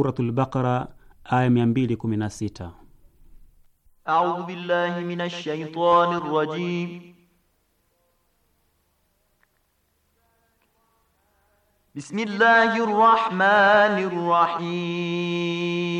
Suratul Baqara aya 216. A'udhu billahi minash shaitanir rajim. Bismillahir rahmanir rahim.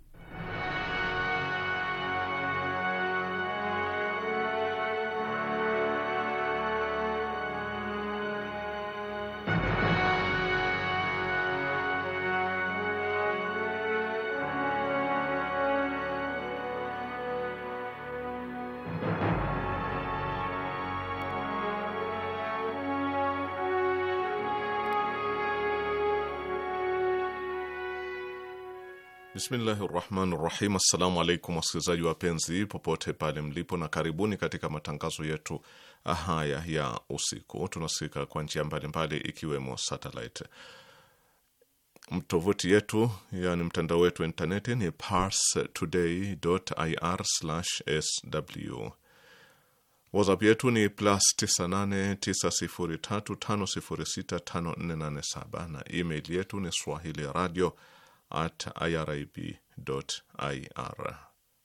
Bismillahi rahmani rahim. Assalamu alaikum wasikilizaji wapenzi popote pale mlipo, na karibuni katika matangazo yetu haya ya usiku. Tunasikika kwa njia mbalimbali ikiwemo satellite. Tovuti yetu yani mtandao wetu wa intaneti ni parstoday.ir/sw. WhatsApp yetu ni plus 989035065487 na email yetu ni swahili radio at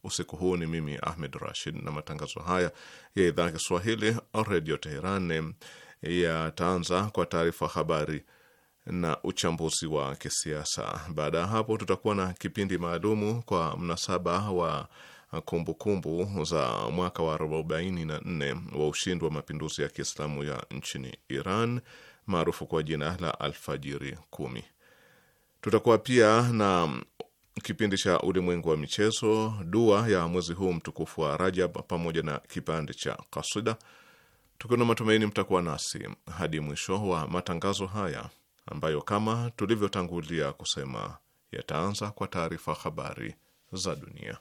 Usiku huu ni mimi Ahmed Rashid, na matangazo haya ya idhaa ya Kiswahili Redio Teheran yataanza kwa taarifa habari na uchambuzi wa kisiasa. Baada ya hapo, tutakuwa na kipindi maalumu kwa mnasaba wa kumbukumbu kumbu za mwaka wa 44 wa ushindi wa mapinduzi ya Kiislamu ya nchini Iran maarufu kwa jina la Alfajiri Kumi. Tutakuwa pia na kipindi cha ulimwengu wa michezo, dua ya mwezi huu mtukufu wa Rajab, pamoja na kipande cha kasida. Tukiwa na matumaini mtakuwa nasi hadi mwisho wa matangazo haya ambayo kama tulivyotangulia kusema yataanza kwa taarifa habari za dunia.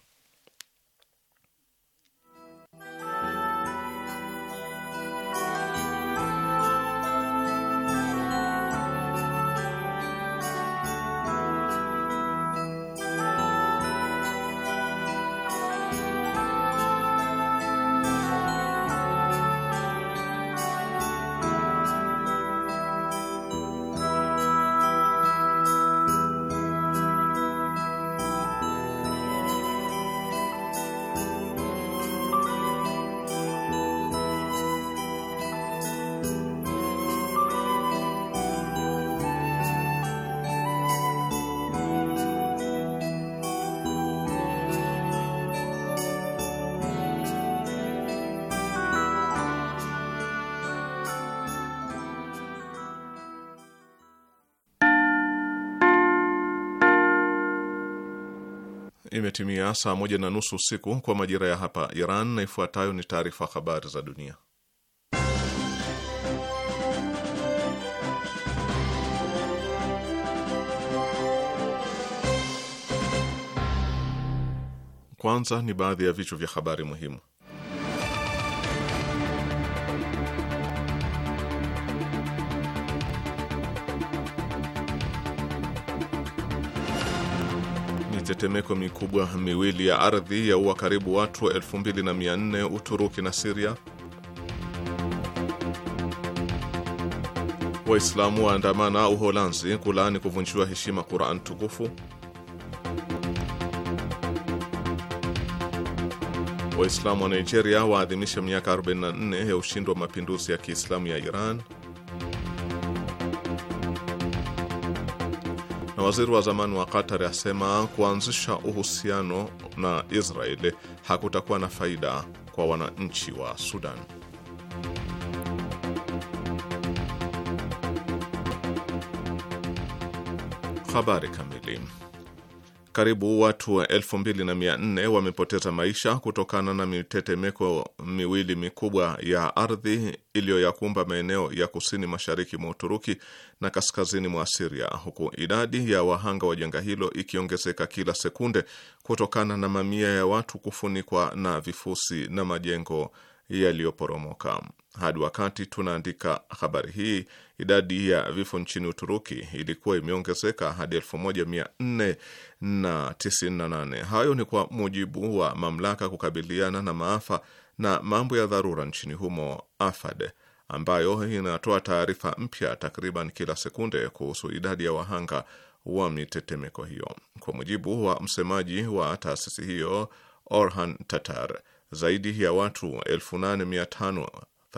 imetimia saa moja na nusu usiku kwa majira ya hapa Iran, na ifuatayo ni taarifa habari za dunia. Kwanza ni baadhi ya vichwa vya habari muhimu. Mitetemeko mikubwa miwili ya ardhi yaua karibu watu 2400 Uturuki na Siria. Waislamu waandamana Uholanzi kulaani kuvunjiwa heshima Quran tukufu. Waislamu wa Nigeria waadhimisha miaka 44 ya ushindi wa mapinduzi ya Kiislamu ya Iran. Waziri wa zamani wa Qatar asema kuanzisha uhusiano na Israeli hakutakuwa na faida kwa wananchi wa Sudan. Habari kamili karibu watu wa elfu mbili na mia nne wamepoteza maisha kutokana na mitetemeko miwili mikubwa ya ardhi iliyoyakumba maeneo ya kusini mashariki mwa Uturuki na kaskazini mwa Siria, huku idadi ya wahanga wa janga hilo ikiongezeka kila sekunde kutokana na mamia ya watu kufunikwa na vifusi na majengo yaliyoporomoka. Hadi wakati tunaandika habari hii, idadi ya vifo nchini Uturuki ilikuwa imeongezeka hadi 1498. Hayo ni kwa mujibu wa mamlaka kukabiliana na maafa na mambo ya dharura nchini humo AFAD, ambayo inatoa taarifa mpya takriban kila sekunde kuhusu idadi ya wahanga wa mitetemeko hiyo. Kwa mujibu wa msemaji wa taasisi hiyo Orhan Tatar, zaidi ya watu 8500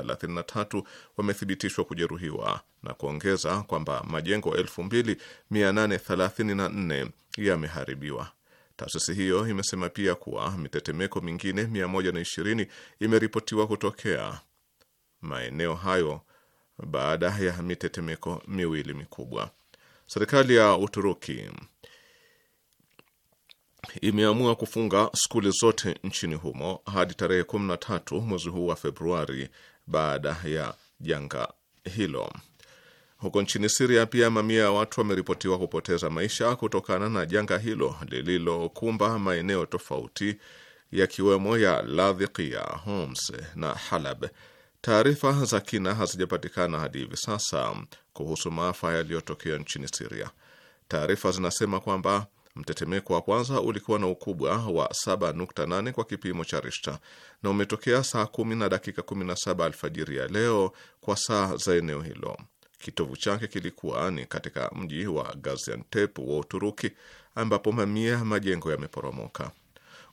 33 wamethibitishwa kujeruhiwa na kuongeza kwamba majengo 2834 yameharibiwa. Taasisi hiyo imesema pia kuwa mitetemeko mingine 120 imeripotiwa kutokea maeneo hayo baada ya mitetemeko miwili mikubwa. Serikali ya Uturuki imeamua kufunga skuli zote nchini humo hadi tarehe 13 mwezi huu wa Februari baada ya janga hilo. Huko nchini Siria pia mamia ya watu wameripotiwa kupoteza maisha kutokana na janga hilo lililokumba maeneo tofauti yakiwemo ya Ladhikia, Homs na Halab. Taarifa za kina hazijapatikana hadi hivi sasa kuhusu maafa yaliyotokea nchini Siria. Taarifa zinasema kwamba Mtetemeko wa kwanza ulikuwa na ukubwa wa 7.8 kwa kipimo cha rishta na umetokea saa kumi na dakika 17 alfajiri ya leo kwa saa za eneo hilo. Kitovu chake kilikuwa ni katika mji wa Gaziantep wa Uturuki, ambapo mamia majengo yameporomoka.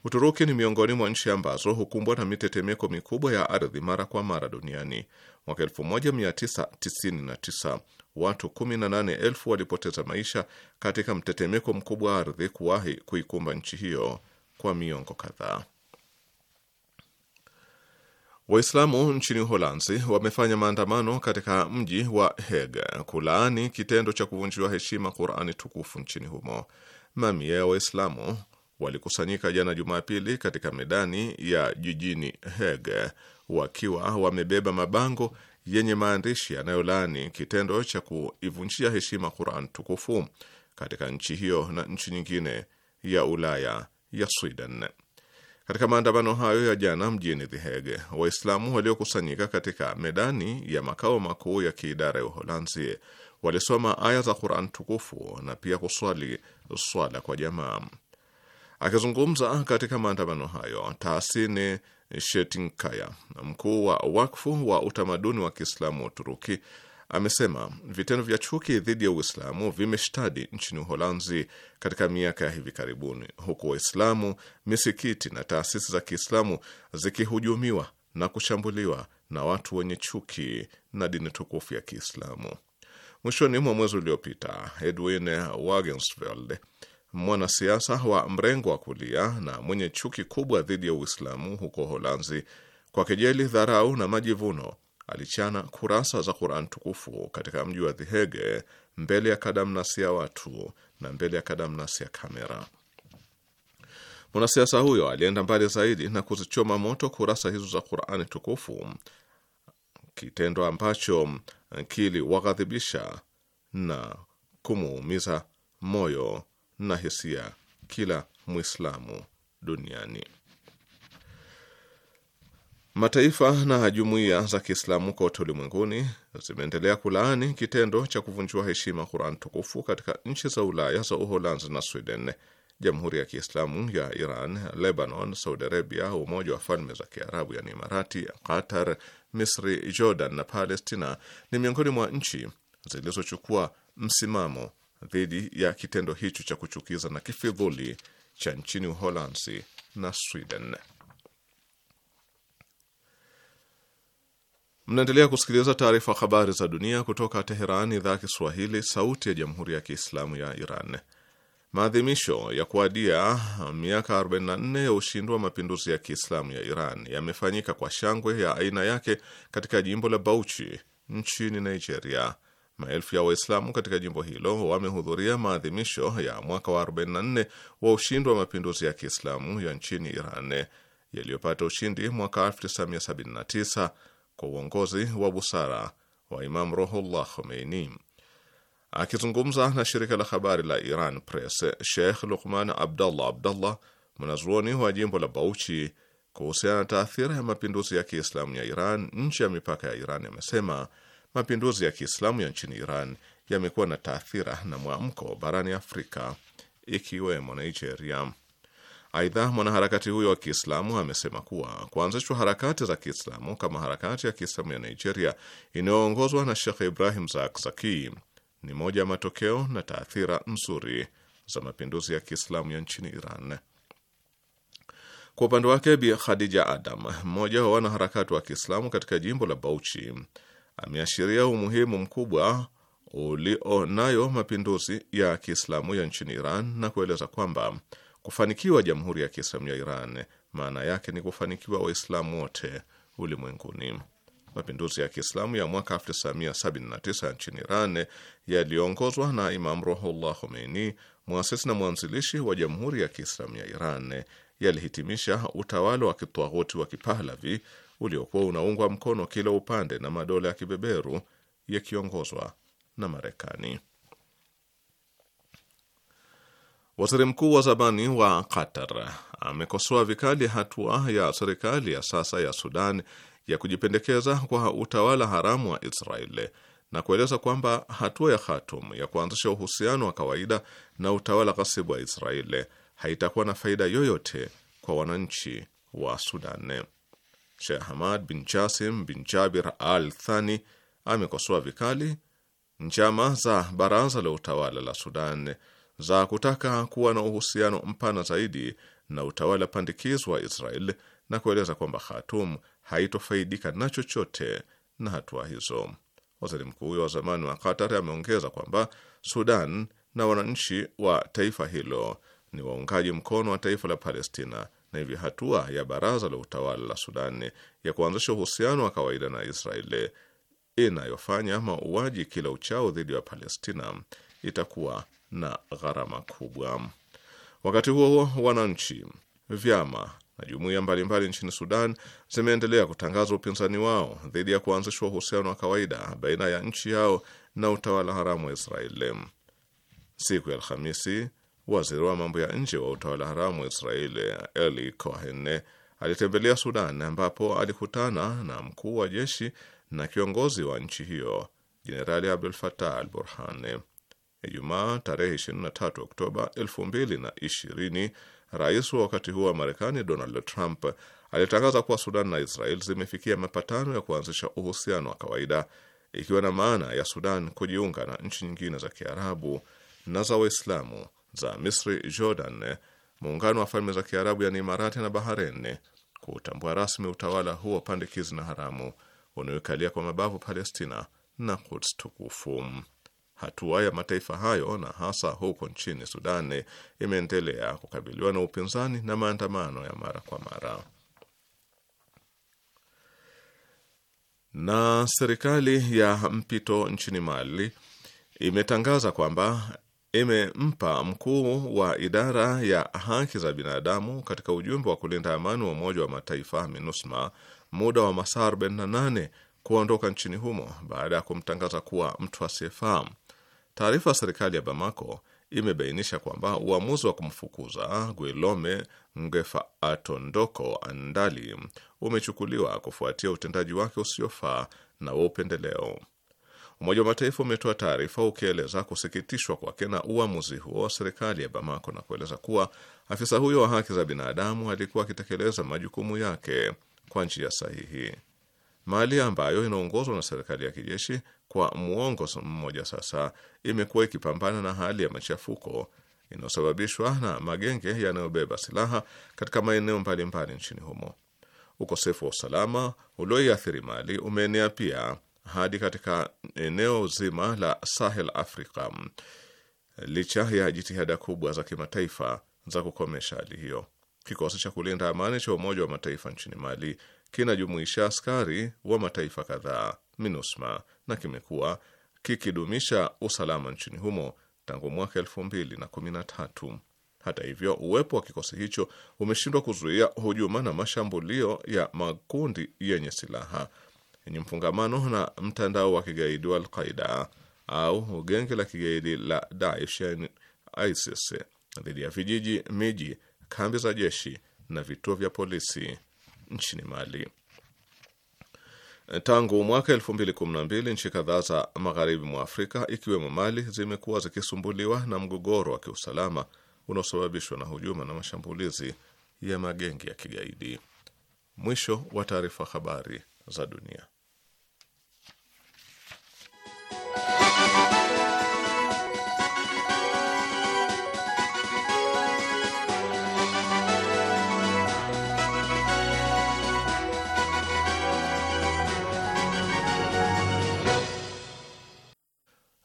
Uturuki ni miongoni mwa nchi ambazo hukumbwa na mitetemeko mikubwa ya ardhi mara kwa mara duniani. Mwaka 1999 watu 18,000 walipoteza maisha katika mtetemeko mkubwa wa ardhi kuwahi kuikumba nchi hiyo kwa miongo kadhaa. Waislamu nchini Uholanzi wamefanya maandamano katika mji wa Hague kulaani kitendo cha kuvunjiwa heshima Qurani tukufu nchini humo. Mamia ya Waislamu walikusanyika jana Jumapili katika medani ya jijini Hague wakiwa wamebeba mabango yenye maandishi yanayolaani kitendo cha kuivunjia heshima Quran tukufu katika nchi hiyo na nchi nyingine ya Ulaya ya Sweden. Katika maandamano hayo ya jana mjini The Hague, Waislamu waliokusanyika katika medani ya makao makuu ya kiidara ya Uholanzi walisoma aya za Quran tukufu na pia kuswali swala kwa jamaa. Akizungumza katika maandamano hayo, Taasini Shetinkaya, mkuu wa wakfu wa utamaduni wa Kiislamu wa Uturuki, amesema vitendo vya chuki dhidi ya Uislamu vimeshtadi nchini Uholanzi katika miaka ya hivi karibuni, huku Waislamu, misikiti na taasisi za Kiislamu zikihujumiwa na kushambuliwa na watu wenye chuki na dini tukufu ya Kiislamu. Mwishoni mwa mwezi uliopita, Edwin Wagensveld mwanasiasa wa mrengo wa kulia na mwenye chuki kubwa dhidi ya Uislamu huko Holanzi, kwa kejeli, dharau na majivuno alichana kurasa za Quran tukufu katika mji wa The Hague mbele ya kadamnasi ya watu na mbele ya kadamnasi ya kamera. Mwanasiasa huyo alienda mbali zaidi na kuzichoma moto kurasa hizo za Qurani tukufu, kitendo ambacho kiliwaghadhibisha na kumuumiza moyo na hisia kila Mwislamu duniani. Mataifa na jumuiya za Kiislamu kote ulimwenguni zimeendelea kulaani kitendo cha kuvunjiwa heshima Quran tukufu katika nchi za Ulaya za Uholanzi na Sweden, Jamhuri ya Kiislamu ya Iran, Lebanon, Saudi Arabia, Umoja wa Falme za Kiarabu yani Imarati, Qatar, Misri, Jordan na Palestina ni miongoni mwa nchi zilizochukua msimamo dhidi ya kitendo hicho cha kuchukiza na kifidhuli cha nchini Uholanzi na Sweden. Mnaendelea kusikiliza taarifa habari za dunia kutoka Teheran, idhaa ya Kiswahili, sauti ya jamhuri ya kiislamu ya Iran. Maadhimisho ya kuadia miaka 44 ya ushindi wa mapinduzi ya kiislamu ya Iran yamefanyika kwa shangwe ya aina yake katika jimbo la Bauchi nchini Nigeria Maelfu ya Waislamu katika jimbo hilo wamehudhuria maadhimisho ya mwaka wa 44 wa ushindi wa mapinduzi ya Kiislamu ya nchini Iran yaliyopata ushindi mwaka 1979 kwa uongozi wa busara wa Imam ruhullah Khomeini. Akizungumza na shirika la habari la Iran Press, Sheikh Lukman abdullah Abdallah, mwanazuoni wa jimbo la Bauchi, kuhusiana na taathira ya mapinduzi ya Kiislamu ya Iran nje ya mipaka ya Iran amesema mapinduzi ya Kiislamu ya nchini Iran yamekuwa na taathira na mwamko barani Afrika ikiwemo Nigeria. Aidha, mwanaharakati huyo wa Kiislamu amesema kuwa kuanzishwa harakati za Kiislamu kama harakati ya Kiislamu ya Nigeria inayoongozwa na Shekh Ibrahim Zakzaki ni moja ya matokeo na taathira nzuri za mapinduzi ya Kiislamu ya nchini Iran. Kwa upande wake, Bi Khadija Adam, mmoja wa wanaharakati wa Kiislamu katika jimbo la Bauchi, ameashiria umuhimu mkubwa ulionayo mapinduzi ya Kiislamu ya nchini Iran na kueleza kwamba kufanikiwa Jamhuri ya Kiislamu ya Iran maana yake ni kufanikiwa Waislamu wote ulimwenguni. Mapinduzi ya Kiislamu ya mwaka 1979 nchini Iran yaliyoongozwa na Imam Ruhollah Khomeini, mwasisi na mwanzilishi wa Jamhuri ya Kiislamu ya Iran, yalihitimisha utawala wa kitwaghuti wa Kipahlavi uliokuwa unaungwa mkono kila upande na madola ya kibeberu yakiongozwa na Marekani. Waziri mkuu wa zamani wa Qatar amekosoa vikali hatua ya serikali ya sasa ya Sudan ya kujipendekeza kwa utawala haramu wa Israeli na kueleza kwamba hatua ya Khatum ya kuanzisha uhusiano wa kawaida na utawala ghasibu wa Israeli haitakuwa na faida yoyote kwa wananchi wa Sudan. Sheikh Hamad bin Jasim bin Jabir Al Thani amekosoa vikali njama za baraza la utawala la Sudan za kutaka kuwa na uhusiano mpana zaidi na utawala pandikizo wa Israel na kueleza kwamba Khartoum haitofaidika na chochote na hatua hizo. Waziri mkuu huyo wa zamani wa Qatar ameongeza kwamba Sudan na wananchi wa taifa hilo ni waungaji mkono wa taifa la Palestina na hivyo hatua ya baraza la utawala la sudani ya kuanzisha uhusiano wa kawaida na Israeli inayofanya mauaji kila uchao dhidi ya Palestina itakuwa na gharama kubwa. Wakati huo huo, wananchi, vyama na jumuiya mbalimbali nchini Sudan zimeendelea kutangaza upinzani wao dhidi ya kuanzishwa uhusiano wa kawaida baina ya nchi yao na utawala haramu wa Israeli. Siku ya Alhamisi Waziri wa mambo ya nje wa utawala haramu wa Israeli Eli Cohen alitembelea Sudan ambapo alikutana na mkuu wa jeshi na kiongozi wa nchi hiyo Jenerali Abdul Fatah al Burhan. Ijumaa tarehe 23 Oktoba 2020, rais wa wakati huo wa Marekani Donald Trump alitangaza kuwa Sudan na Israel zimefikia mapatano ya kuanzisha uhusiano wa kawaida, ikiwa na maana ya Sudan kujiunga na nchi nyingine za Kiarabu na za Waislamu za Misri, Jordan, muungano wa falme za Kiarabu yani Imarati na Bahrain kutambua rasmi utawala huo pandikizi na haramu unaoikalia kwa mabavu Palestina na Quds tukufu. Hatua ya mataifa hayo na hasa huko nchini Sudani imeendelea kukabiliwa na upinzani na maandamano ya mara kwa mara. Na serikali ya mpito nchini Mali imetangaza kwamba imempa mkuu wa idara ya haki za binadamu katika ujumbe wa kulinda amani wa Umoja wa Mataifa MINUSMA muda wa masaa 48 kuondoka nchini humo baada ya kumtangaza kuwa mtu asiyefahamu. Taarifa ya serikali ya Bamako imebainisha kwamba uamuzi wa kumfukuza Guillaume Ngefa'atondoko Andali umechukuliwa kufuatia utendaji wake usiofaa na wa upendeleo. Umoja wa Mataifa umetoa taarifa ukieleza kusikitishwa kwake na uamuzi huo wa serikali ya Bamako na kueleza kuwa afisa huyo wa haki za binadamu alikuwa akitekeleza majukumu yake kwa njia sahihi. Mali ambayo inaongozwa na serikali ya kijeshi kwa muongo mmoja sasa imekuwa ikipambana na hali ya machafuko inayosababishwa na magenge yanayobeba silaha katika maeneo mbalimbali nchini humo. Ukosefu wa usalama ulioiathiri Mali umeenea pia hadi katika eneo zima la Sahel Afrika licha ya jitihada kubwa za kimataifa za kukomesha hali hiyo. Kikosi cha kulinda amani cha Umoja wa Mataifa nchini Mali kinajumuisha askari wa mataifa kadhaa MINUSMA na kimekuwa kikidumisha usalama nchini humo tangu mwaka elfu mbili na kumi na tatu. Hata hivyo, uwepo wa kikosi hicho umeshindwa kuzuia hujuma na mashambulio ya makundi yenye silaha yenye mfungamano na mtandao wa kigaidi wa Alqaida au genge la kigaidi la Daesh yani ISIS dhidi ya vijiji, miji, kambi za jeshi na vituo vya polisi nchini Mali. Tangu mwaka elfu mbili kumi na mbili nchi kadhaa za magharibi mwa Afrika ikiwemo Mali zimekuwa zikisumbuliwa na mgogoro wa kiusalama unaosababishwa na hujuma na mashambulizi ya magengi ya kigaidi. Mwisho wa taarifa. Habari za dunia.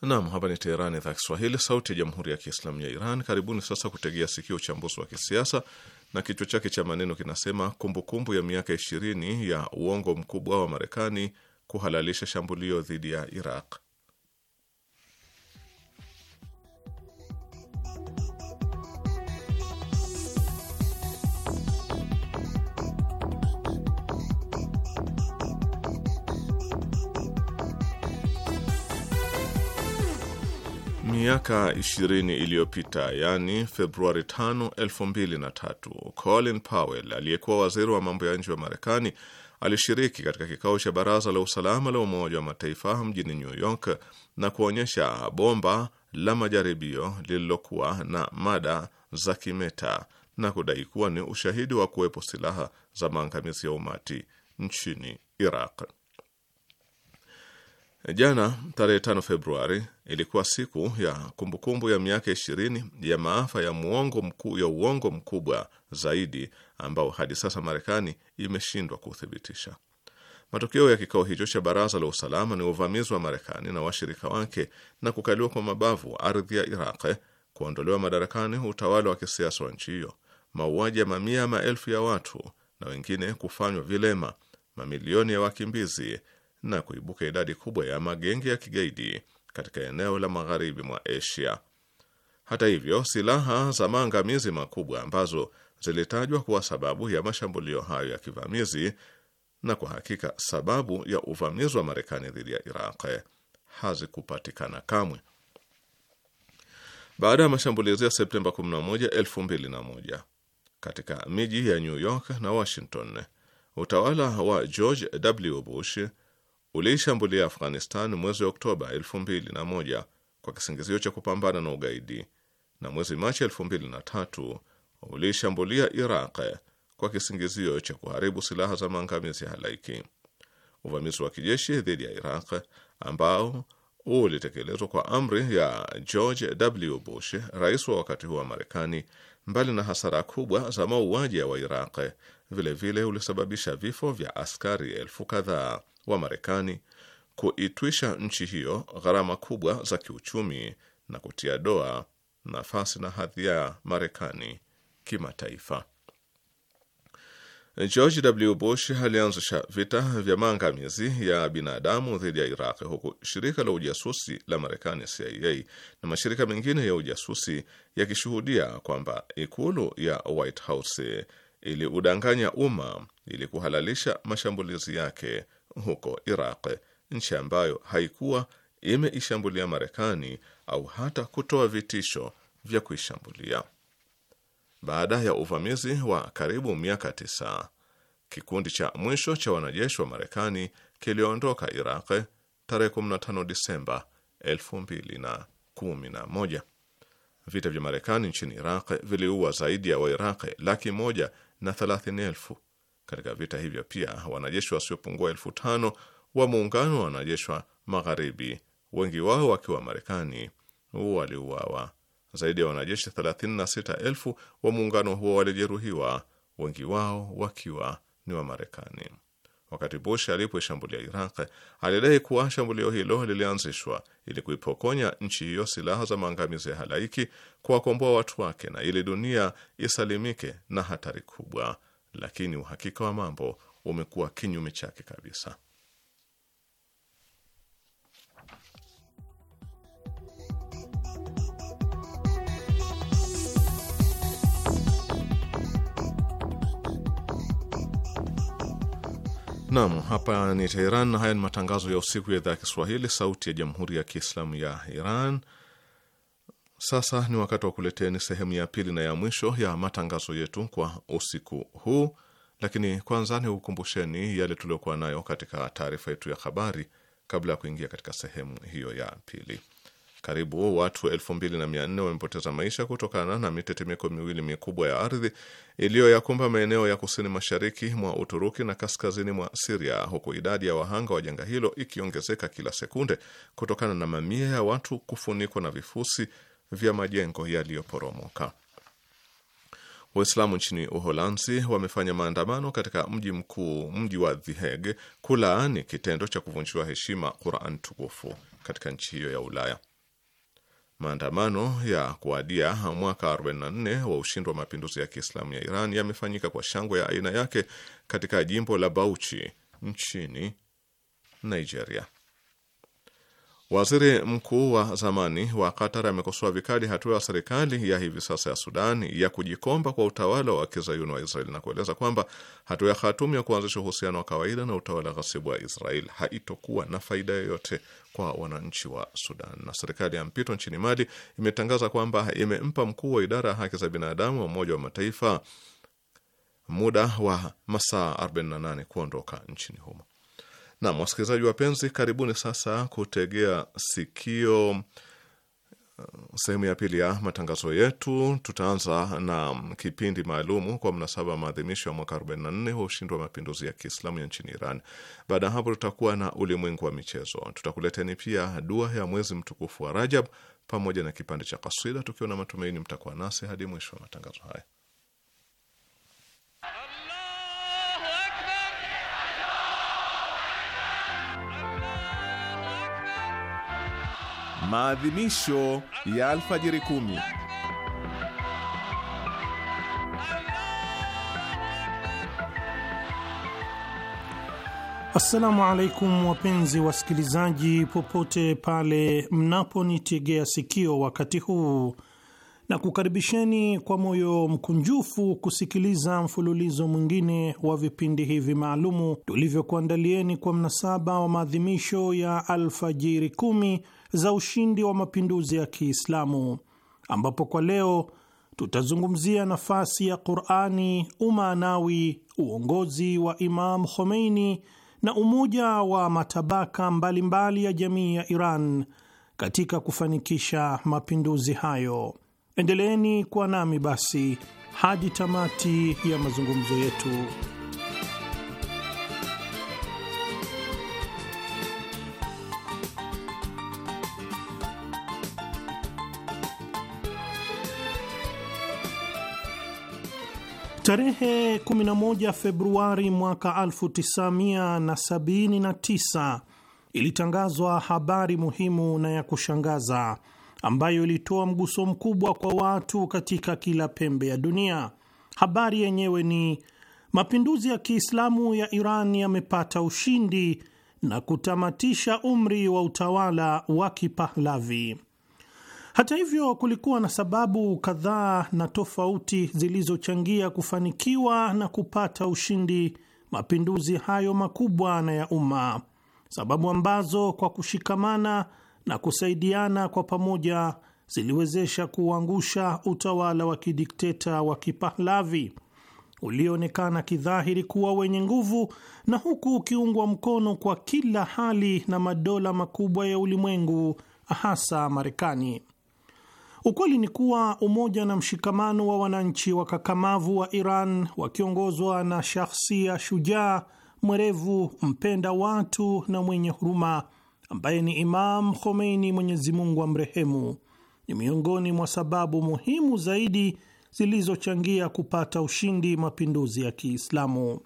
Nam, hapa ni Teherani, idhaa Kiswahili, sauti ya jamhuri ya kiislamu ya Iran. Karibuni sasa kutegea sikio uchambuzi wa kisiasa na kichwa chake cha maneno kinasema kumbukumbu kumbu ya miaka ishirini ya uongo mkubwa wa Marekani kuhalalisha shambulio dhidi ya Iraq. miaka 20 iliyopita, yaani Februari 5, 2003, Colin Powell aliyekuwa waziri wa mambo ya nje wa Marekani alishiriki katika kikao cha baraza la usalama la Umoja wa Mataifa mjini New York na kuonyesha bomba la majaribio lililokuwa na mada za kimeta na kudai kuwa ni ushahidi wa kuwepo silaha za maangamizi ya umati nchini Iraq. Jana tarehe 5 Februari ilikuwa siku ya kumbukumbu kumbu ya miaka ishirini ya maafa ya muongo mkuu, ya uongo mkubwa zaidi ambao hadi sasa Marekani imeshindwa kuthibitisha Matokeo ya kikao hicho cha baraza la usalama ni uvamizi wa Marekani na washirika wake na kukaliwa kwa mabavu ardhi ya Iraq, kuondolewa madarakani utawala wa kisiasa wa nchi hiyo, mauaji ya mamia maelfu ya watu na wengine kufanywa vilema, mamilioni ya wakimbizi na kuibuka idadi kubwa ya magenge ya kigaidi katika eneo la magharibi mwa Asia. Hata hivyo, silaha za maangamizi makubwa ambazo zilitajwa kuwa sababu ya mashambulio hayo ya kivamizi na kwa hakika sababu ya uvamizi wa Marekani dhidi ya Iraq hazikupatikana kamwe. Baada ya mashambulizi ya Septemba 11, 2001 katika miji ya New York na Washington, utawala wa George W. Bush uliishambulia Afghanistan mwezi Oktoba 2001 kwa kisingizio cha kupambana na ugaidi na mwezi Machi 2003 uliishambulia Iraq kwa kisingizio cha kuharibu silaha za maangamizi halaiki. Uvamizi wa kijeshi dhidi ya Iraq ambao ulitekelezwa kwa amri ya George W. Bush, rais wa wakati huo wa Marekani, mbali na hasara kubwa za mauaji ya Wairaq, vilevile ulisababisha vifo vya askari elfu kadhaa wa Marekani kuitwisha nchi hiyo gharama kubwa za kiuchumi na kutia doa nafasi na hadhi ya Marekani kimataifa. George W. Bush alianzisha vita vya maangamizi ya binadamu dhidi ya Iraq, huku shirika la ujasusi la Marekani CIA na mashirika mengine ya ujasusi yakishuhudia kwamba ikulu ya White House iliudanganya umma ili kuhalalisha mashambulizi yake huko Iraq, nchi ambayo haikuwa imeishambulia Marekani au hata kutoa vitisho vya kuishambulia. Baada ya uvamizi wa karibu miaka tisa, kikundi cha mwisho cha wanajeshi wa Marekani kiliondoka Iraq tarehe 15 Disemba 2011. Vita vya Marekani nchini Iraq viliua zaidi ya Wairaq laki moja na thelathini elfu katika vita hivyo pia wanajeshi wasiopungua elfu tano wa muungano wa wanajeshi wa magharibi, wengi wao wakiwa Marekani, waliuawa. Zaidi ya wanajeshi 36,000 wa muungano huo walijeruhiwa, wengi wao wakiwa ni wa Marekani. Wakati Bush alipoishambulia Iraq, alidai kuwa shambulio hilo lilianzishwa ili kuipokonya nchi hiyo silaha za maangamizi ya halaiki, kuwakomboa watu wake na ili dunia isalimike na hatari kubwa lakini uhakika wa mambo umekuwa kinyume chake kabisa. Nam, hapa ni Teheran na haya ni matangazo ya usiku ya idhaa ya Kiswahili, sauti ya jamhuri ya kiislamu ya Iran. Sasa ni wakati wa kuleteni sehemu ya pili na ya mwisho ya matangazo yetu kwa usiku huu, lakini kwanza ni ukumbusheni yale tuliyokuwa nayo katika taarifa yetu ya habari kabla ya kuingia katika sehemu hiyo ya pili. Karibu watu elfu mbili na mia nne wamepoteza maisha kutokana na mitetemeko miwili mikubwa ya ardhi iliyoyakumba maeneo ya kusini mashariki mwa Uturuki na kaskazini mwa Siria, huku idadi ya wahanga wa janga hilo ikiongezeka kila sekunde kutokana na mamia ya watu kufunikwa na vifusi vya majengo yaliyoporomoka. Waislamu nchini Uholanzi wamefanya maandamano katika mji mkuu, mji wa The Hague, kulaani kitendo cha kuvunjiwa heshima Quran tukufu katika nchi hiyo ya Ulaya. Maandamano ya kuadia mwaka 44 wa ushindi wa mapinduzi ya Kiislamu ya Iran yamefanyika kwa shangwe ya aina yake katika jimbo la Bauchi nchini Nigeria. Waziri mkuu wa zamani wa Qatar amekosoa vikali hatua ya serikali ya hivi sasa ya Sudan ya kujikomba kwa utawala wa kizayuni wa israel na kueleza kwamba hatua ya khatumu ya kuanzisha uhusiano wa kawaida na utawala ghasibu wa israel haitokuwa na faida yoyote kwa wananchi wa Sudan. Na serikali ya mpito nchini Mali imetangaza kwamba imempa mkuu wa idara ya haki za binadamu wa Umoja wa Mataifa muda wa masaa 48 kuondoka nchini humo. Na wasikilizaji wapenzi, karibuni sasa kutegea sikio uh, sehemu ya pili ya matangazo yetu. Tutaanza na kipindi maalumu kwa mnasaba wa maadhimisho ya mwaka 44 wa ushindi wa mapinduzi ya Kiislamu ya nchini Iran. Baada ya hapo, tutakuwa na ulimwengu wa michezo. Tutakuleteni pia dua ya mwezi mtukufu wa Rajab pamoja na kipande cha kaswida, tukiwa na matumaini mtakuwa nasi hadi mwisho wa matangazo haya. Maadhimisho ya alfajiri kumi. Assalamu alaikum wapenzi wasikilizaji, popote pale mnaponitegea sikio wakati huu, na kukaribisheni kwa moyo mkunjufu kusikiliza mfululizo mwingine wa vipindi hivi maalumu tulivyokuandalieni kwa mnasaba wa maadhimisho ya alfajiri kumi za ushindi wa mapinduzi ya Kiislamu, ambapo kwa leo tutazungumzia nafasi ya Qur'ani, umaanawi, uongozi wa Imam Khomeini na umoja wa matabaka mbalimbali mbali ya jamii ya Iran katika kufanikisha mapinduzi hayo. Endeleeni kuwa nami basi hadi tamati ya mazungumzo yetu. Tarehe 11 Februari mwaka 1979 ilitangazwa habari muhimu na ya kushangaza ambayo ilitoa mguso mkubwa kwa watu katika kila pembe ya dunia. Habari yenyewe ni mapinduzi ya Kiislamu ya Iran yamepata ushindi na kutamatisha umri wa utawala wa Kipahlavi. Hata hivyo, kulikuwa na sababu kadhaa na tofauti zilizochangia kufanikiwa na kupata ushindi mapinduzi hayo makubwa na ya umma, sababu ambazo kwa kushikamana na kusaidiana kwa pamoja ziliwezesha kuangusha utawala wa kidikteta wa Kipahlavi ulioonekana kidhahiri kuwa wenye nguvu na huku ukiungwa mkono kwa kila hali na madola makubwa ya ulimwengu hasa Marekani. Ukweli ni kuwa umoja na mshikamano wa wananchi wakakamavu wa Iran wakiongozwa na shahsia shujaa, mwerevu, mpenda watu na mwenye huruma ambaye ni Imam Khomeini, Mwenyezi Mungu amrehemu, ni miongoni mwa sababu muhimu zaidi zilizochangia kupata ushindi mapinduzi ya Kiislamu.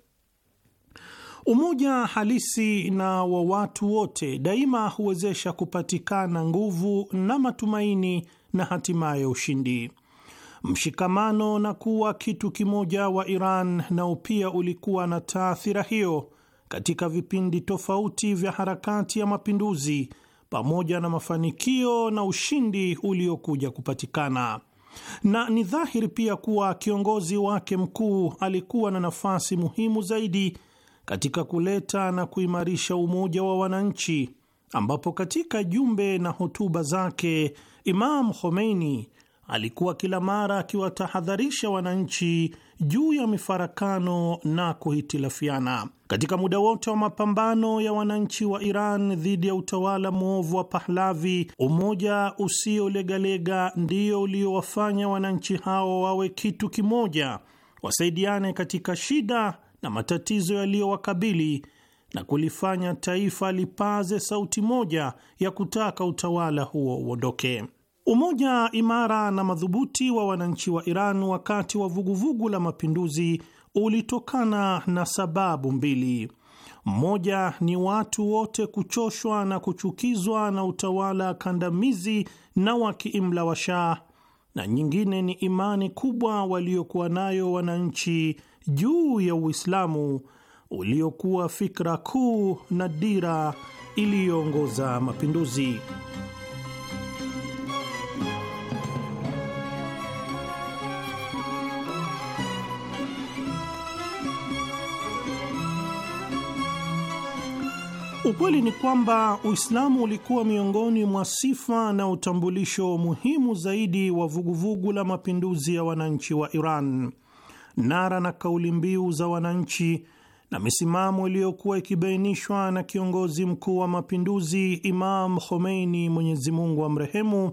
Umoja halisi na wa watu wote daima huwezesha kupatikana nguvu na matumaini na hatimaye ushindi. Mshikamano na kuwa kitu kimoja wa Iran nao pia ulikuwa na taathira hiyo katika vipindi tofauti vya harakati ya mapinduzi, pamoja na mafanikio na ushindi uliokuja kupatikana. Na ni dhahiri pia kuwa kiongozi wake mkuu alikuwa na nafasi muhimu zaidi katika kuleta na kuimarisha umoja wa wananchi, ambapo katika jumbe na hotuba zake Imam Khomeini alikuwa kila mara akiwatahadharisha wananchi juu ya mifarakano na kuhitilafiana. Katika muda wote wa mapambano ya wananchi wa Iran dhidi ya utawala mwovu wa Pahlavi, umoja usiolegalega ndio uliowafanya wananchi hao wawe kitu kimoja, wasaidiane katika shida na matatizo yaliyowakabili na kulifanya taifa lipaze sauti moja ya kutaka utawala huo uondoke. Umoja imara na madhubuti wa wananchi wa Iran wakati wa vuguvugu la mapinduzi ulitokana na sababu mbili. Moja ni watu wote kuchoshwa na kuchukizwa na utawala kandamizi na wa kiimla wa Shah, na nyingine ni imani kubwa waliokuwa nayo wananchi juu ya Uislamu uliokuwa fikra kuu na dira iliyoongoza mapinduzi. Ukweli ni kwamba Uislamu ulikuwa miongoni mwa sifa na utambulisho muhimu zaidi wa vuguvugu la mapinduzi ya wananchi wa Iran. Nara na kauli mbiu za wananchi na misimamo iliyokuwa ikibainishwa na kiongozi mkuu wa mapinduzi Imam Khomeini, Mwenyezi Mungu amrehemu,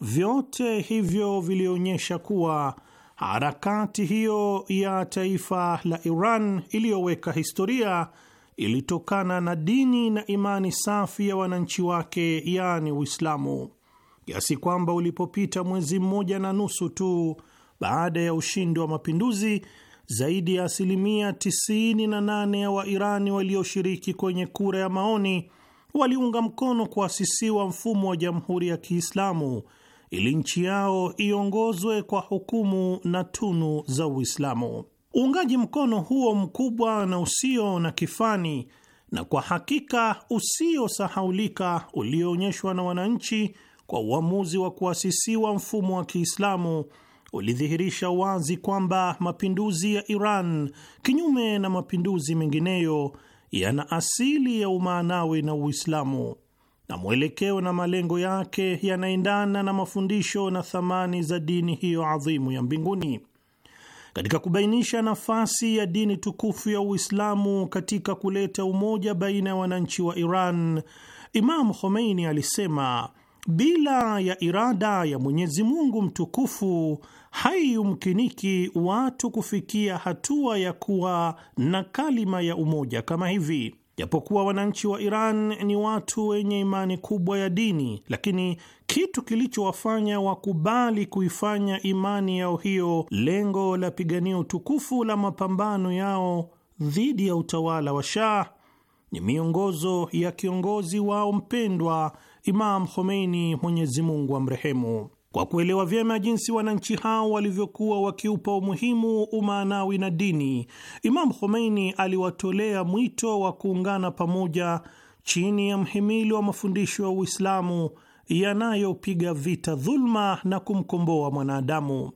vyote hivyo vilionyesha kuwa harakati hiyo ya taifa la Iran iliyoweka historia ilitokana na dini na imani safi ya wananchi wake, yaani Uislamu, kiasi kwamba ulipopita mwezi mmoja na nusu tu baada ya ushindi wa mapinduzi zaidi ya asilimia 98 ya Wairani walioshiriki kwenye kura ya maoni waliunga mkono kuasisiwa mfumo wa Jamhuri ya Kiislamu ili nchi yao iongozwe kwa hukumu na tunu za Uislamu. Uungaji mkono huo mkubwa na usio na kifani na kwa hakika usiosahaulika ulioonyeshwa na wananchi kwa uamuzi wa kuasisiwa mfumo wa Kiislamu ulidhihirisha wazi kwamba mapinduzi ya Iran, kinyume na mapinduzi mengineyo, yana asili ya umaanawi na Uislamu na mwelekeo na malengo yake yanaendana na mafundisho na thamani za dini hiyo adhimu ya mbinguni. Katika kubainisha nafasi ya dini tukufu ya Uislamu katika kuleta umoja baina ya wananchi wa Iran, Imam Khomeini alisema bila ya irada ya Mwenyezi Mungu mtukufu haiyumkiniki watu kufikia hatua ya kuwa na kalima ya umoja kama hivi. Japokuwa wananchi wa Iran ni watu wenye imani kubwa ya dini, lakini kitu kilichowafanya wakubali kuifanya imani yao hiyo lengo la pigania utukufu la mapambano yao dhidi ya utawala wa Shah ni miongozo ya kiongozi wao mpendwa Imam Khomeini, Mwenyezi Mungu amrehemu. Kwa kuelewa vyema jinsi wananchi hao walivyokuwa wakiupa umuhimu umaanawi na dini, Imam Khomeini aliwatolea mwito wa kuungana pamoja chini ya mhimili wa mafundisho ya Uislamu yanayopiga vita dhulma na kumkomboa mwanadamu.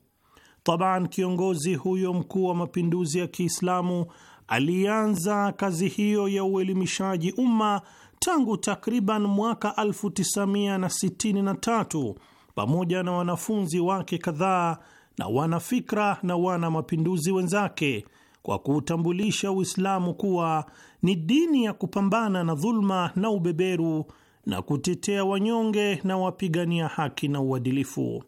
Taban, kiongozi huyo mkuu wa mapinduzi ya Kiislamu alianza kazi hiyo ya uelimishaji umma tangu takriban mwaka 1963 pamoja na wanafunzi wake kadhaa na wanafikra na wana mapinduzi wenzake kwa kuutambulisha Uislamu kuwa ni dini ya kupambana na dhulma na ubeberu na kutetea wanyonge na wapigania haki na uadilifu.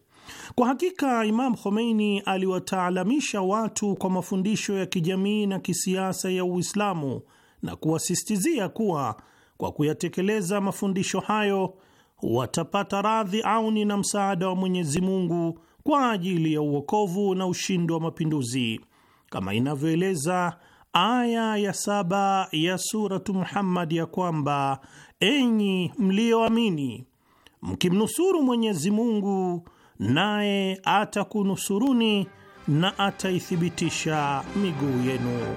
Kwa hakika Imam Khomeini aliwataalamisha watu kwa mafundisho ya kijamii na kisiasa ya Uislamu na kuwasistizia kuwa kwa kuyatekeleza mafundisho hayo watapata radhi, auni na msaada wa Mwenyezi Mungu kwa ajili ya uokovu na ushindi wa mapinduzi, kama inavyoeleza aya ya saba ya Suratu Muhammad ya kwamba, enyi mliyoamini, mkimnusuru Mwenyezi Mungu naye atakunusuruni na ataithibitisha miguu yenu.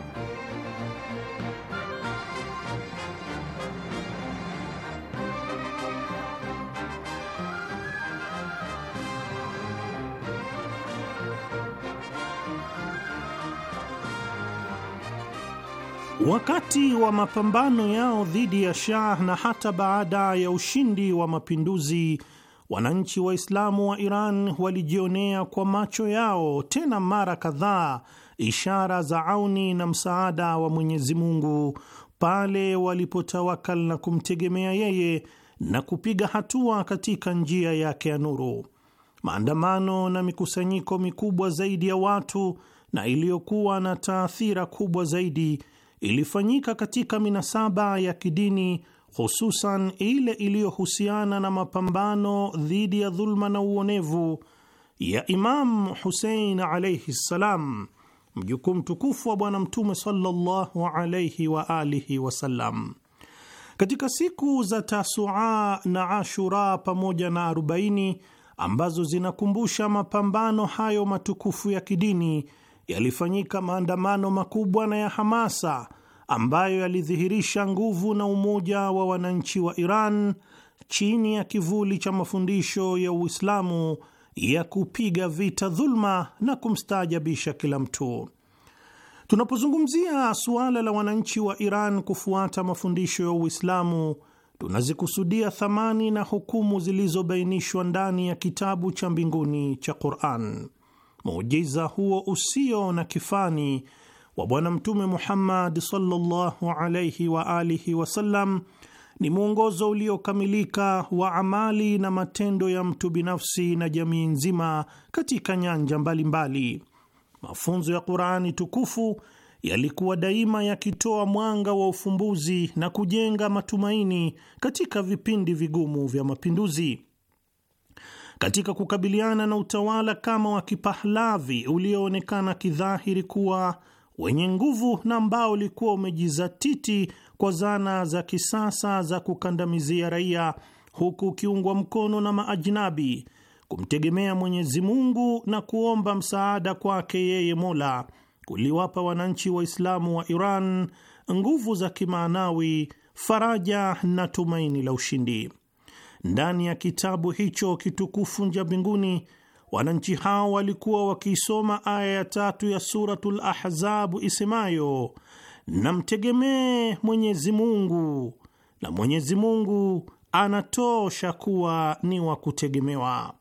Wakati wa mapambano yao dhidi ya Shah na hata baada ya ushindi wa mapinduzi, wananchi Waislamu wa Iran walijionea kwa macho yao tena mara kadhaa ishara za auni na msaada wa Mwenyezi Mungu pale walipotawakal na kumtegemea yeye na kupiga hatua katika njia yake ya nuru. Maandamano na mikusanyiko mikubwa zaidi ya watu na iliyokuwa na taathira kubwa zaidi ilifanyika katika minasaba ya kidini, hususan ile iliyohusiana na mapambano dhidi ya dhulma na uonevu ya Imam Husein alaihi ssalam, mjukuu mtukufu wa Bwana Mtume sallallahu alaihi wa alihi wasallam. Katika siku za Tasua na Ashura pamoja na Arobaini ambazo zinakumbusha mapambano hayo matukufu ya kidini yalifanyika maandamano makubwa na ya hamasa ambayo yalidhihirisha nguvu na umoja wa wananchi wa Iran chini ya kivuli cha mafundisho ya Uislamu ya kupiga vita dhulma na kumstaajabisha kila mtu. Tunapozungumzia suala la wananchi wa Iran kufuata mafundisho ya Uislamu, tunazikusudia thamani na hukumu zilizobainishwa ndani ya kitabu cha mbinguni cha Quran muujiza huo usio na kifani wa Bwana Mtume Muhammad sallallahu alayhi wa alihi wasallam ni mwongozo uliokamilika wa amali na matendo ya mtu binafsi na jamii nzima katika nyanja mbalimbali mbali. Mafunzo ya Qurani tukufu yalikuwa daima yakitoa mwanga wa ufumbuzi na kujenga matumaini katika vipindi vigumu vya mapinduzi katika kukabiliana na utawala kama wa Kipahlavi ulioonekana kidhahiri kuwa wenye nguvu na ambao ulikuwa umejizatiti kwa zana za kisasa za kukandamizia raia, huku ukiungwa mkono na maajnabi, kumtegemea Mwenyezi Mungu na kuomba msaada kwake yeye Mola kuliwapa wananchi Waislamu wa Iran nguvu za kimaanawi, faraja na tumaini la ushindi ndani ya kitabu hicho kitukufu nja mbinguni. Wananchi hao walikuwa wakiisoma aya ya tatu ya Suratul Ahzabu isemayo, namtegemee Mwenyezi Mungu na Mwenyezi Mungu anatosha kuwa ni wa kutegemewa.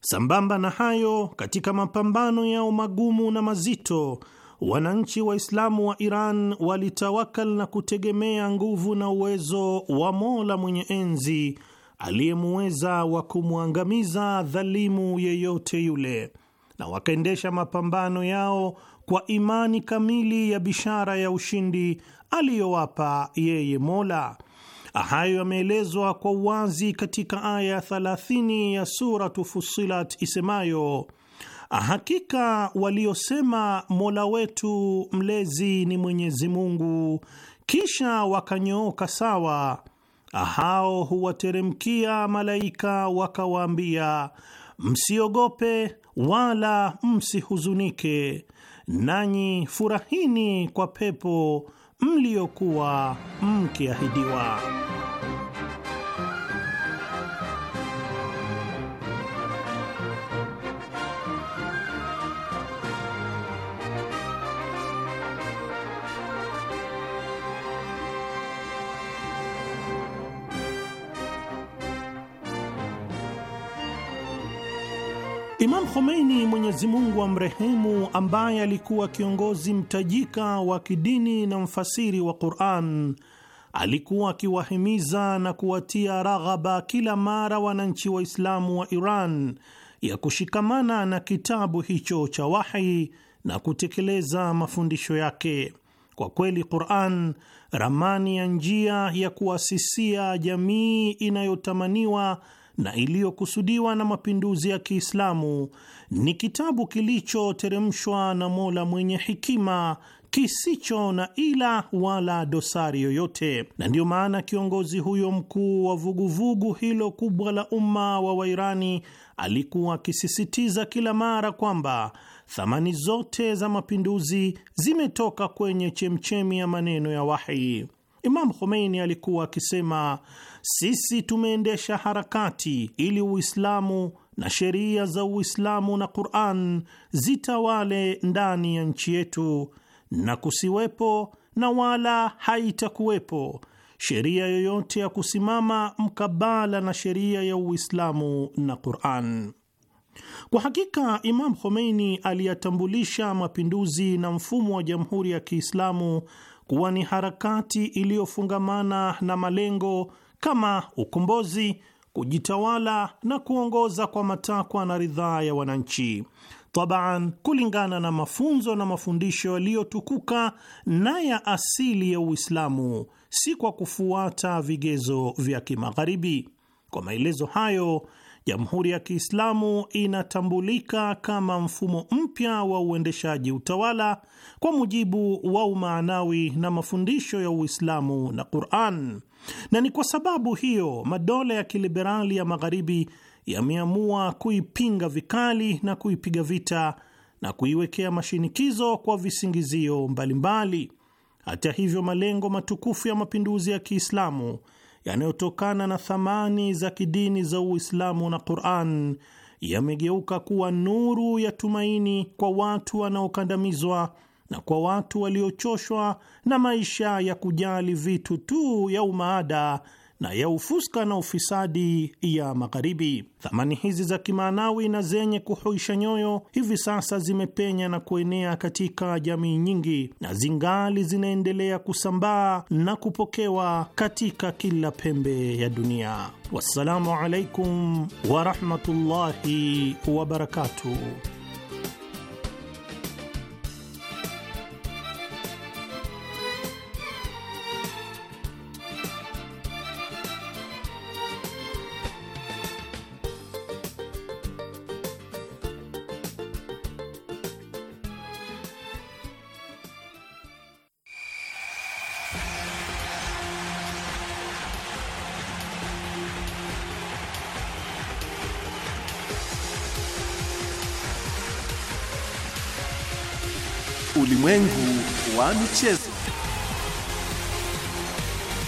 Sambamba na hayo, katika mapambano yao magumu na mazito, wananchi Waislamu wa Iran walitawakal na kutegemea nguvu na uwezo wa Mola mwenye enzi aliyemuweza wa kumwangamiza dhalimu yeyote yule, na wakaendesha mapambano yao kwa imani kamili ya bishara ya ushindi aliyowapa yeye Mola. Hayo yameelezwa kwa uwazi katika aya 30 ya Suratu Fusilat isemayo, hakika waliosema Mola wetu mlezi ni Mwenyezi Mungu, kisha wakanyooka sawa hao huwateremkia malaika wakawaambia, msiogope wala msihuzunike, nanyi furahini kwa pepo mliokuwa mkiahidiwa. Imam Khomeini, Mwenyezi Mungu amrehemu, ambaye alikuwa kiongozi mtajika wa kidini na mfasiri wa Qur'an, alikuwa akiwahimiza na kuwatia raghaba kila mara wananchi Waislamu wa Iran ya kushikamana na kitabu hicho cha wahi na kutekeleza mafundisho yake. Kwa kweli Qur'an, ramani ya njia ya kuasisia jamii inayotamaniwa na iliyokusudiwa na mapinduzi ya Kiislamu ni kitabu kilichoteremshwa na Mola mwenye hikima kisicho na ila wala dosari yoyote, na ndiyo maana kiongozi huyo mkuu wa vuguvugu hilo kubwa la umma wa Wairani alikuwa akisisitiza kila mara kwamba thamani zote za mapinduzi zimetoka kwenye chemchemi ya maneno ya wahi. Imam Khomeini alikuwa akisema sisi tumeendesha harakati ili Uislamu na sheria za Uislamu na Qur'an zitawale ndani ya nchi yetu na kusiwepo na wala haitakuwepo sheria yoyote ya kusimama mkabala na sheria ya Uislamu na Qur'an. Kwa hakika Imam Khomeini aliyatambulisha mapinduzi na mfumo wa Jamhuri ya Kiislamu kuwa ni harakati iliyofungamana na malengo kama ukombozi, kujitawala na kuongoza kwa matakwa na ridhaa ya wananchi Taban, kulingana na mafunzo na mafundisho yaliyotukuka na ya asili ya Uislamu, si kwa kufuata vigezo vya Kimagharibi. Kwa maelezo hayo, Jamhuri ya Kiislamu inatambulika kama mfumo mpya wa uendeshaji utawala kwa mujibu wa umaanawi na mafundisho ya Uislamu na Quran na ni kwa sababu hiyo madola ya kiliberali ya magharibi yameamua kuipinga vikali na kuipiga vita na kuiwekea mashinikizo kwa visingizio mbalimbali. Hata hivyo, malengo matukufu ya mapinduzi ya Kiislamu yanayotokana na thamani za kidini za Uislamu na Quran yamegeuka kuwa nuru ya tumaini kwa watu wanaokandamizwa na kwa watu waliochoshwa na maisha ya kujali vitu tu ya umaada na ya ufuska na ufisadi ya Magharibi. Thamani hizi za kimaanawi na zenye kuhuisha nyoyo hivi sasa zimepenya na kuenea katika jamii nyingi na zingali zinaendelea kusambaa na kupokewa katika kila pembe ya dunia. Wassalamu alaikum warahmatullahi wabarakatuh. wa michezo.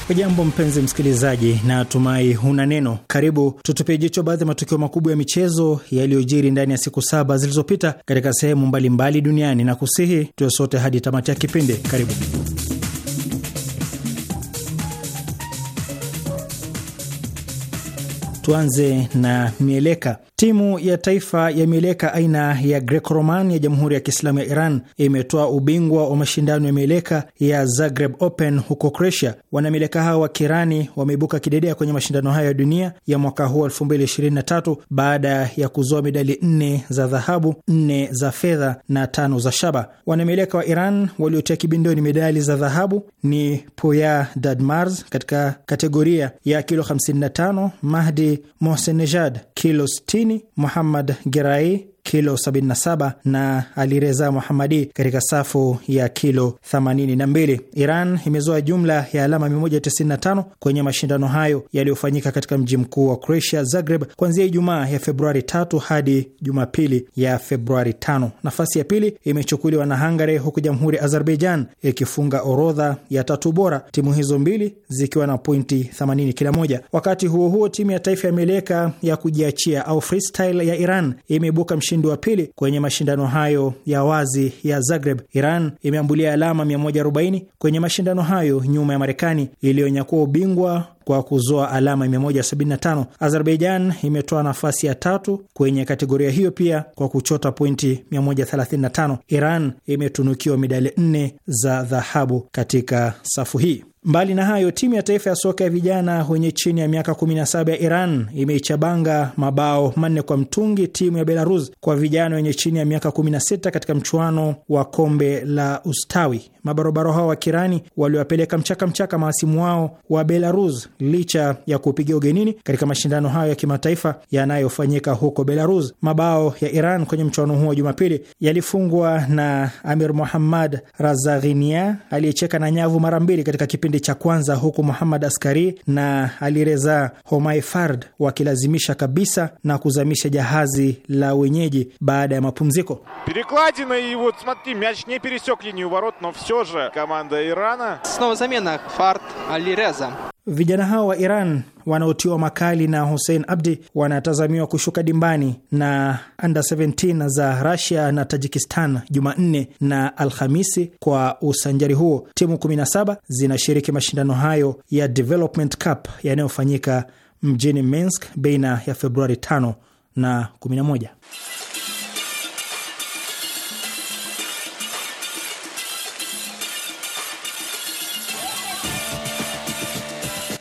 Hujambo mpenzi msikilizaji, na tumai huna neno. Karibu tutupie jicho baadhi ya matukio makubwa ya michezo yaliyojiri ndani ya siku saba zilizopita katika sehemu mbalimbali duniani, na kusihi tuwe sote hadi tamati ya kipindi. Karibu. Tuanze na mieleka. Timu ya taifa ya mieleka aina ya Greco-Roman ya Jamhuri ya Kiislamu ya Iran imetoa ubingwa wa mashindano ya mieleka ya Zagreb Open huko Croatia. Wanamieleka hao wa Kirani wameibuka kidedea kwenye mashindano hayo ya dunia ya mwaka huu 2023 baada ya kuzoa medali nne za dhahabu, nne za fedha na tano za shaba. Wanamieleka wa Iran waliotia kibindoni medali za dhahabu ni Poya Dadmars katika kategoria ya kilo 55, Mahdi Mohsen Nejad kilo 60, Muhammad Gerai kilo 77 na Alireza Muhamadi katika safu ya kilo 82. Iran imezoa jumla ya alama 195 kwenye mashindano hayo yaliyofanyika katika mji mkuu wa Croatia, Zagreb, kuanzia Ijumaa ya Februari 3 hadi Jumapili ya Februari 5. Nafasi ya pili imechukuliwa na Hungary, huku jamhuri ya Azerbaijan ikifunga orodha ya tatu bora, timu hizo mbili zikiwa na pointi 80 kila moja. Wakati huo huo, timu ya taifa ya meleka ya kujiachia au freestyle ya Iran imeibuka mshindi mshindi wa pili kwenye mashindano hayo ya wazi ya Zagreb. Iran imeambulia alama 140 kwenye mashindano hayo nyuma ya Marekani iliyonyakua ubingwa kwa kuzoa alama 175. Azerbaijan imetoa nafasi ya tatu kwenye kategoria hiyo pia kwa kuchota pointi 135. Iran imetunukiwa medali nne za dhahabu katika safu hii. Mbali na hayo, timu ya taifa ya soka ya vijana wenye chini ya miaka 17 ya Iran imeichabanga mabao manne kwa mtungi timu ya Belarus kwa vijana wenye chini ya miaka 16 katika mchuano wa kombe la ustawi Mabarobaro hao wa Kirani waliwapeleka mchaka mchaka mahasimu wao wa Belarus licha ya kupiga ugenini katika mashindano hayo ya kimataifa yanayofanyika huko Belarus. Mabao ya Iran kwenye mchuano huo wa Jumapili yalifungwa na Amir Muhammad Razaghinia aliyecheka na nyavu mara mbili katika kipindi cha kwanza, huku Muhammad Askari na Alireza Homai Fard wakilazimisha kabisa na kuzamisha jahazi la wenyeji baada ya mapumziko тоже команда Ирана. Снова замена Фарт Алиреза. Vijana hao wa Iran wanaotiwa makali na Hussein Abdi wanatazamiwa kushuka dimbani na under 17 za Rasia na Tajikistan Jumanne na Alhamisi. Kwa usanjari huo, timu 17 zinashiriki mashindano hayo ya Development Cup yanayofanyika mjini Minsk baina ya Februari 5 na 11.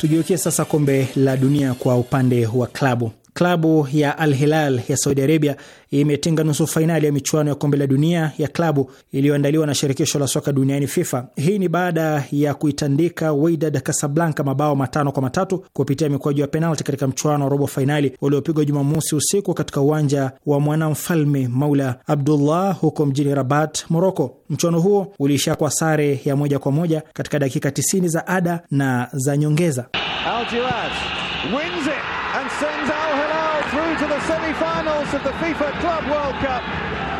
Tugeukie sasa kombe la dunia kwa upande wa klabu. Klabu ya Al Hilal ya Saudi Arabia imetinga nusu fainali ya michuano ya kombe la dunia ya klabu iliyoandaliwa na shirikisho la soka duniani FIFA. Hii ni baada ya kuitandika Wydad Casablanca mabao matano kwa matatu kupitia mikwaju ya penalti katika mchuano wa robo fainali uliopigwa Jumamosi usiku katika uwanja wa Mwanamfalme Maula Abdullah huko mjini Rabat, Moroko. Mchuano huo uliishia kwa sare ya moja kwa moja katika dakika 90 za ada na za nyongeza. al wins it and sends through to the semi-finals of the FIFA Club World Cup.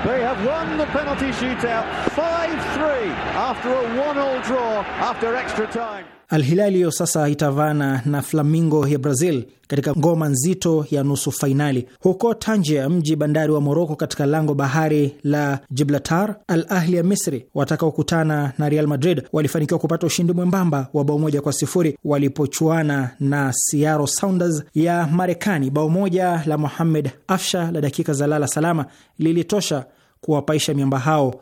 They have won the penalty shootout 5-3 after a one-all draw after extra time. Alhilali hiyo sasa itavana na flamingo ya Brazil katika ngoma nzito ya nusu fainali. Huko Tanjia, mji bandari wa Moroko, katika lango bahari la Gibraltar, Al Ahli ya Misri watakaokutana na Real Madrid walifanikiwa kupata ushindi mwembamba wa bao moja kwa sifuri walipochuana na Seattle Sounders ya Marekani. Bao moja la Mohamed Afsha la dakika za lala salama lilitosha kuwapaisha miamba hao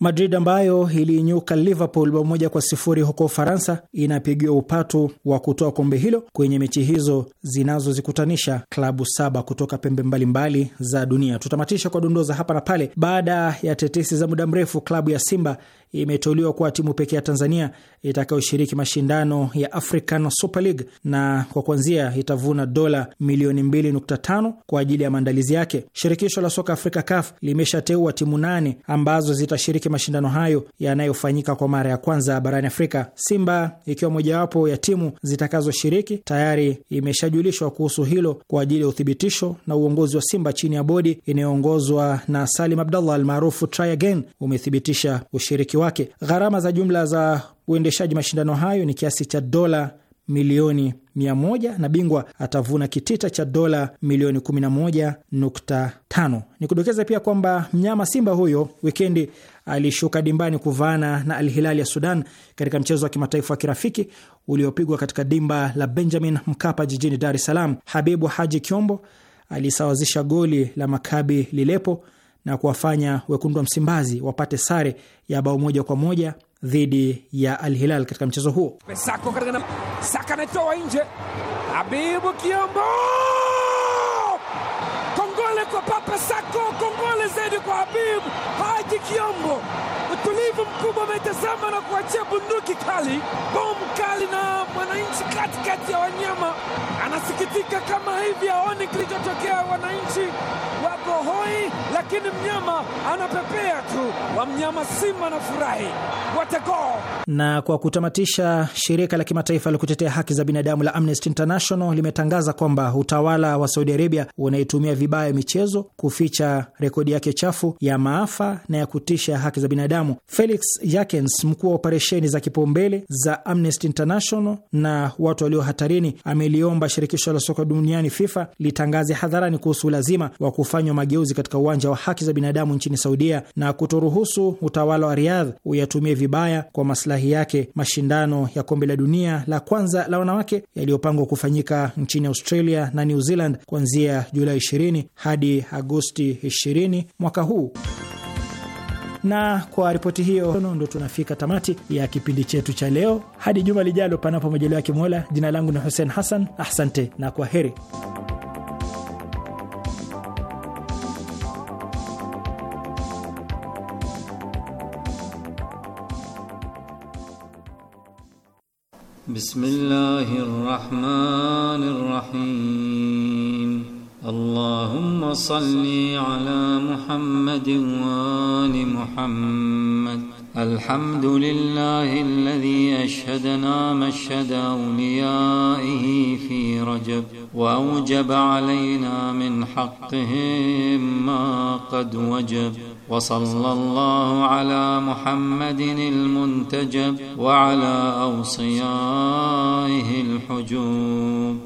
Madrid ambayo iliinyuka Liverpool bao moja kwa sifuri huko Ufaransa inapigiwa upatu wa kutoa kombe hilo kwenye mechi hizo zinazozikutanisha klabu saba kutoka pembe mbalimbali mbali za dunia. Tutamatisha kwa dondoza hapa na pale. Baada ya tetesi za muda mrefu, klabu ya Simba imeteuliwa kuwa timu pekee ya Tanzania itakayoshiriki mashindano ya African Super League na kwa kuanzia itavuna dola milioni 2.5 kwa ajili ya maandalizi yake. Shirikisho la soka Afrika CAF limeshateua timu nane ambazo zitashiriki kushiriki mashindano hayo yanayofanyika kwa mara ya kwanza barani Afrika. Simba ikiwa mojawapo ya timu zitakazoshiriki tayari imeshajulishwa kuhusu hilo kwa ajili ya uthibitisho, na uongozi wa Simba chini ya bodi inayoongozwa na Salim Abdallah almaarufu Try Again umethibitisha ushiriki wake. Gharama za jumla za uendeshaji mashindano hayo ni kiasi cha dola milioni mia moja na bingwa atavuna kitita cha dola milioni 11.5. Ni kudokeza pia kwamba mnyama Simba huyo wikendi alishuka dimbani kuvaana na Al Hilal ya Sudan katika mchezo wa kimataifa wa kirafiki uliopigwa katika dimba la Benjamin Mkapa jijini Dar es Salaam. Habibu Haji Kiombo alisawazisha goli la Makabi Lilepo na kuwafanya wekundu wa Msimbazi wapate sare ya bao moja kwa moja dhidi ya Al Hilal katika mchezo huo. Saka anatoa nje, Habibu kwa Papa Sako. Kongole zaidi kwa Habib Haji Kiombo, utulivu mkubwa, ametazama na kuachia bunduki kali, bomu kali na mwananchi katikati ya wanyama. Anasikitika kama hivi, aoni kilichotokea. Wananchi wako hoi lakini mnyama anapepea tu, wa mnyama simba na furahi watego. Na kwa kutamatisha, shirika la kimataifa la kutetea haki za binadamu la Amnesty International limetangaza kwamba utawala wa Saudi Arabia unaitumia vibaya michezo kuficha rekodi yake chafu ya maafa na ya kutisha ya haki za binadamu. Felix Yakens, mkuu wa operesheni za kipaumbele za Amnesty International na watu walio hatarini, ameliomba shirikisho la soka duniani FIFA litangaze hadharani kuhusu ulazima wa kufanywa mageuzi katika uwanja wa haki za binadamu nchini Saudia na kutoruhusu utawala wa riadh uyatumie vibaya kwa maslahi yake mashindano ya kombe la dunia la kwanza la wanawake yaliyopangwa kufanyika nchini Australia na New Zealand kuanzia Julai 20 hadi Agosti 20 mwaka huu. Na kwa ripoti hiyo ndo tunafika tamati ya kipindi chetu cha leo. Hadi juma lijalo, panapo majaliwa ya Kimola. Jina langu ni Hussein Hassan, asante na kwa heri. بسم الله الرحمن الرحيم اللهم صل على محمد وآل محمد الحمد لله الذي أشهدنا مشهد أوليائه في رجب وأوجب علينا من حقهم ما قد وجب وصلى الله على محمد المنتجب وعلى أوصيائه الحجوب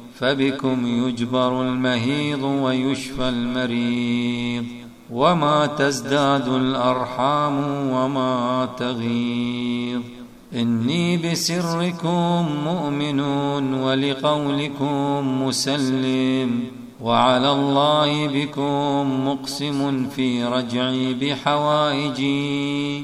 فبكم يجبر المهيض ويشفى المريض وما تزداد الارحام وما تغيض اني بسركم مؤمن ولقولكم مسلم وعلى الله بكم مقسم في رجعي بحوائجي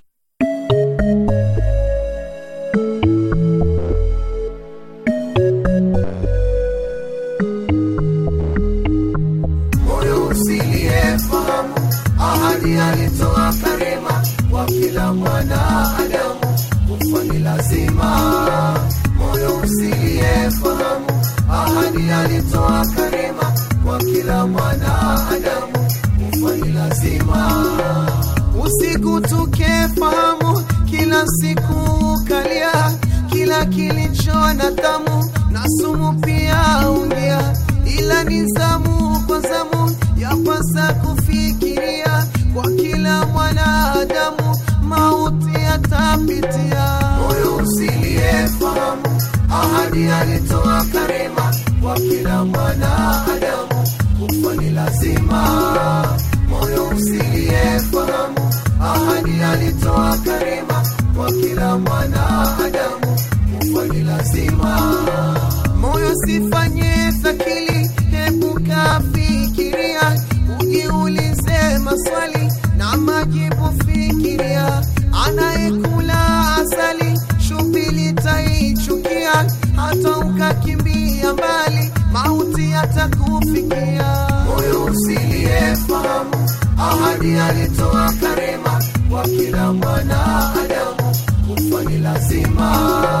Moyo usiliyefahamu ahadi alitoa karema kwa kila mwanadamu, kufa ni lazima. ahadi alitoa karema kwa kila mwanadamu, kufa ni Usiku tuke kila siku kalia kila kilicho na tamu na sumu pia ungia, ila ni zamu kwa zamu yapasa kufikiria kwa kila mwanadamu mauti yatapitia. Moyo usiliyefahamu ahadi alitoa nataka kufikia. Moyo usiliyefahamu ahadi alitoa Karema kwa kila mwanadamu, kufa ni lazima.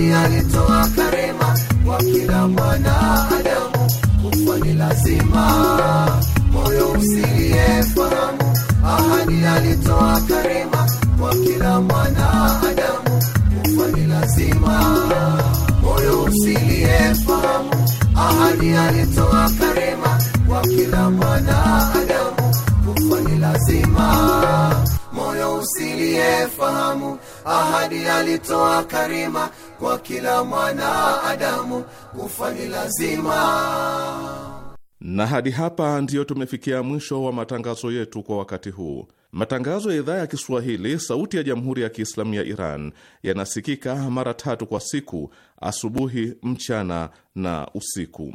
Rabbi alitoa karema kwa kila mwanadamu, kufa ni lazima, moyo usilie fahamu. Ahadi alitoa karema kwa kila mwanadamu, kufa ni lazima, moyo usilie fahamu. Ahadi alitoa karema usiliyefahamu. Ahadi alitoa karima kwa kila adamu kufa ni lazima na hadi hapa ndiyo tumefikia mwisho wa matangazo yetu kwa wakati huu. Matangazo ya idhaa ya Kiswahili sauti ya jamhuri ya Kiislamu ya Iran yanasikika mara tatu kwa siku: asubuhi, mchana na usiku.